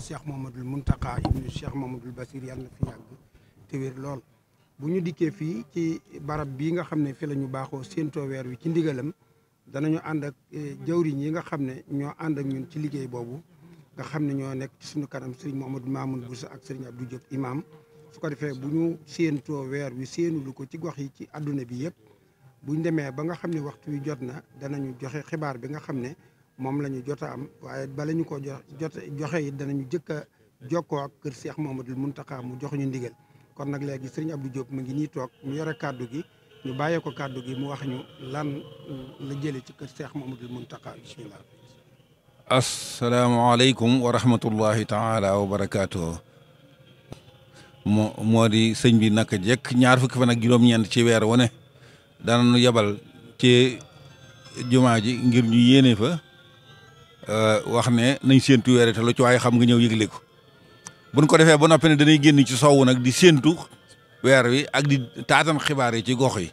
ci Cheikh Mamadul Muntaqa ibnu Cheikh Mamadul Basir yàlla na fi yàgg te wér lool. bu ñu dikkee fii ci barab bii nga xam ne fi la ñu baaxoo séentoo weer wi ci ndigalam danañu ànd ak eh, jawriñ yi nga xam ne ñoo ànd ak ñun ci liggéey boobu nga xam ne ñoo nekk ci suñu kanam sëriñ Mouhamadou Mamoun Boussa ak sëriñ Abdou Diop imam su ko defee bu ñu seentoo weer wi séenulu ko ci gox yi ci àdduna bi yëpp buñ demee ba nga xam ne waxtu wi jot na danañu joxe xibaar bi nga xam ne moom la ñu jot a am waaye bala ñu ko jox joxe it danañu jëkk a jokkoo ak kër seex moom Cheikh Mouhamadoul Mountakha mu jox ñu ndigal kon nag léegi sëriñ Abdou Diop mu ngi nii toog mu yore kàddu gi ñu bàyyee ko kàddu gi mu wax ñu lan la jëlee ci kër Cheikh Mouhamadoul Mountakha bismillah asalaamaaleykum wa rahmatullahi taala wa barakaatu moo moo di sëñ bi naka jekk ñaar fukki fan ak juróom-ñeent ci weer wu ne danañu yebal ci jumaa ji ngir ñu yéene fa Euh, wax ne nañ séentu weere te lu ci waaye xam nga ñëw yëgle ko bu buñ ko defee ba noppi ne danay génn ci sowwu nag di séentu weer wi ak di taatan xibaar yi ci gox yi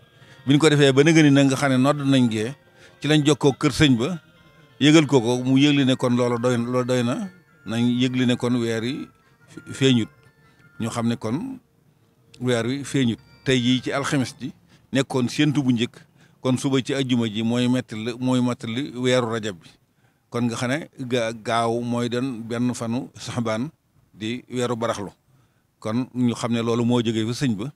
biñ ko defee ba nga ni nag nga xam ne nodd nañ gee ci lañ jokkoo kër sëñ ba yëgal ko ko mu yëgli ne kon loola doy loola doy na nañ yëgli ne kon weer yi feeñut ñu xam ne kon weer wi feeñut tey jii ci alxames ji nekkoon séentu bu njëkk kon suba ci ajjuma ji mooy metti mooy mattali weeru rajab bi kon nga xam ne gaaw mooy doon benn fanu saxbaan di weeru baraxlu kon ñu xam ne loolu moo jógee fa sëñ ba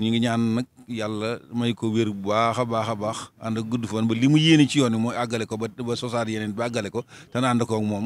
ñu ngi ñaan nag yàlla may ko wér bu baax a baax a baax ànd ak gudd fan ba li mu yéene ci yoon wi mooy àggale ko ba ba yeneen ba àggale ko te ànd koog moom.